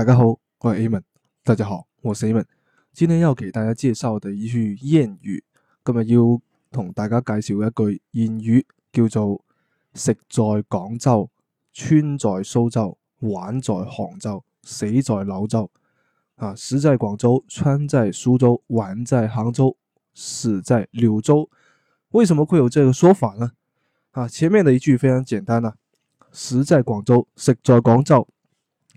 大家好，我係 A 文。大家好，我係 A 文。今天要給大家介紹的一句諺語，今日要同大家介紹一句諺語，叫做食在廣州，穿在蘇州，玩在杭州，死在柳州。啊，食在廣州，穿在蘇州，玩在杭州，死在柳州。為什麼會有這個說法呢？啊，前面的一句非常簡單啦，啊，食在廣州，食在廣州。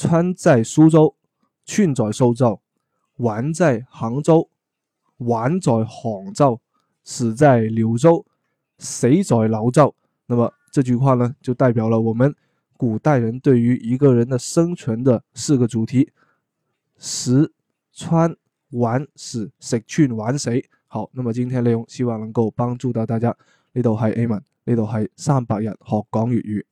穿在蘇州，穿在蘇州，玩在杭州，玩在杭州，死在柳州，死在柳州。那麼這句話呢，就代表了我們古代人對於一個人的生存的四個主題：食、穿、玩、死。食、穿、玩、死。好，那麼今天內容希望能夠幫助到大家。呢度係 Amin，呢度係三百日學講粵語。